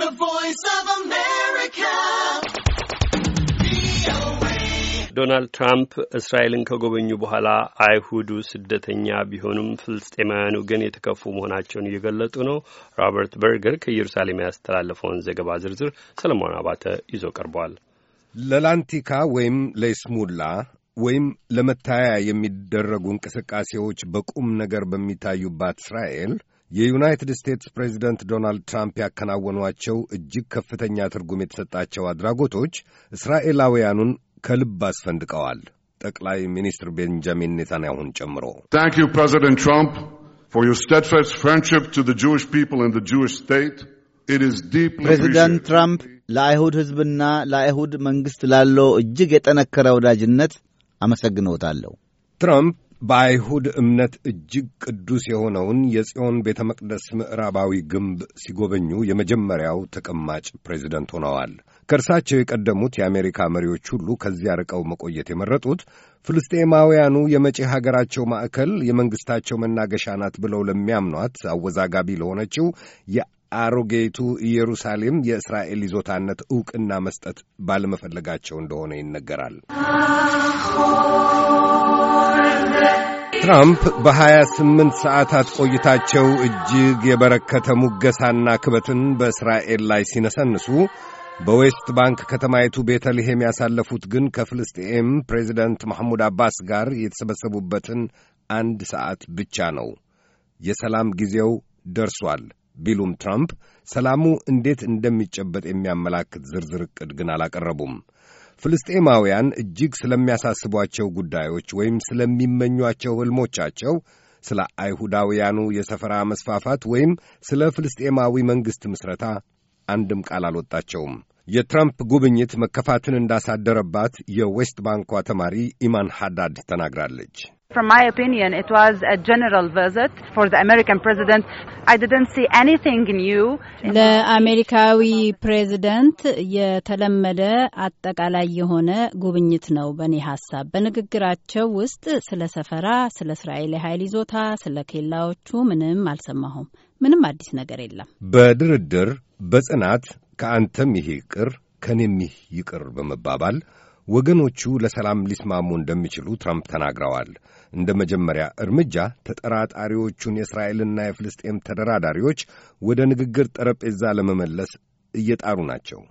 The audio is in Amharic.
The Voice of America. ዶናልድ ትራምፕ እስራኤልን ከጎበኙ በኋላ አይሁዱ ስደተኛ ቢሆኑም ፍልስጤማውያኑ ግን የተከፉ መሆናቸውን እየገለጡ ነው። ሮበርት በርገር ከኢየሩሳሌም ያስተላለፈውን ዘገባ ዝርዝር ሰለሞን አባተ ይዞ ቀርቧል። ለላንቲካ ወይም ለይስሙላ ወይም ለመታያ የሚደረጉ እንቅስቃሴዎች በቁም ነገር በሚታዩባት እስራኤል የዩናይትድ ስቴትስ ፕሬዚደንት ዶናልድ ትራምፕ ያከናወኗቸው እጅግ ከፍተኛ ትርጉም የተሰጣቸው አድራጎቶች እስራኤላውያኑን ከልብ አስፈንድቀዋል። ጠቅላይ ሚኒስትር ቤንጃሚን ኔታንያሁን ጨምሮ ፕሬዚደንት ትራምፕ ፎር ዩር ስቴድፋስት ፍሬንድሺፕ ቱ ዘ ፒፕል ኤንድ ዘ ስቴት ፕሬዚዳንት ትራምፕ ለአይሁድ ሕዝብና ለአይሁድ መንግሥት ላለው እጅግ የጠነከረ ወዳጅነት አመሰግነውታለሁ። ትራምፕ በአይሁድ እምነት እጅግ ቅዱስ የሆነውን የጽዮን ቤተ መቅደስ ምዕራባዊ ግንብ ሲጎበኙ የመጀመሪያው ተቀማጭ ፕሬዚደንት ሆነዋል። ከእርሳቸው የቀደሙት የአሜሪካ መሪዎች ሁሉ ከዚያ ርቀው መቆየት የመረጡት ፍልስጤማውያኑ የመጪ ሀገራቸው ማዕከል የመንግሥታቸው መናገሻ ናት ብለው ለሚያምኗት አወዛጋቢ ለሆነችው አሮጌቱ ኢየሩሳሌም የእስራኤል ይዞታነት ዕውቅና መስጠት ባለመፈለጋቸው እንደሆነ ይነገራል። ትራምፕ በ28 ሰዓታት ቆይታቸው እጅግ የበረከተ ሙገሳና ክበትን በእስራኤል ላይ ሲነሰንሱ በዌስት ባንክ ከተማይቱ ቤተልሔም ያሳለፉት ግን ከፍልስጤም ፕሬዚደንት ማሕሙድ አባስ ጋር የተሰበሰቡበትን አንድ ሰዓት ብቻ ነው። የሰላም ጊዜው ደርሷል ቢሉም ትራምፕ ሰላሙ እንዴት እንደሚጨበጥ የሚያመላክት ዝርዝር ዕቅድ ግን አላቀረቡም። ፍልስጤማውያን እጅግ ስለሚያሳስቧቸው ጉዳዮች ወይም ስለሚመኟቸው ሕልሞቻቸው፣ ስለ አይሁዳውያኑ የሰፈራ መስፋፋት ወይም ስለ ፍልስጤማዊ መንግሥት ምስረታ አንድም ቃል አልወጣቸውም። የትራምፕ ጉብኝት መከፋትን እንዳሳደረባት የዌስት ባንኳ ተማሪ ኢማን ሐዳድ ተናግራለች። From my opinion, it was a general visit for the American president. I didn't see anything new. ለአሜሪካዊ ፕሬዝደንት የተለመደ አጠቃላይ የሆነ ጉብኝት ነው በእኔ ሀሳብ። በንግግራቸው ውስጥ ስለ ሰፈራ፣ ስለ እስራኤል የኃይል ይዞታ፣ ስለ ኬላዎቹ ምንም አልሰማሁም። ምንም አዲስ ነገር የለም። በድርድር በጽናት ከአንተም ይሄ ይቅር ከኔም ይህ ይቅር በመባባል ወገኖቹ ለሰላም ሊስማሙ እንደሚችሉ ትራምፕ ተናግረዋል። እንደ መጀመሪያ እርምጃ ተጠራጣሪዎቹን የእስራኤልና የፍልስጤም ተደራዳሪዎች ወደ ንግግር ጠረጴዛ ለመመለስ እየጣሩ ናቸው።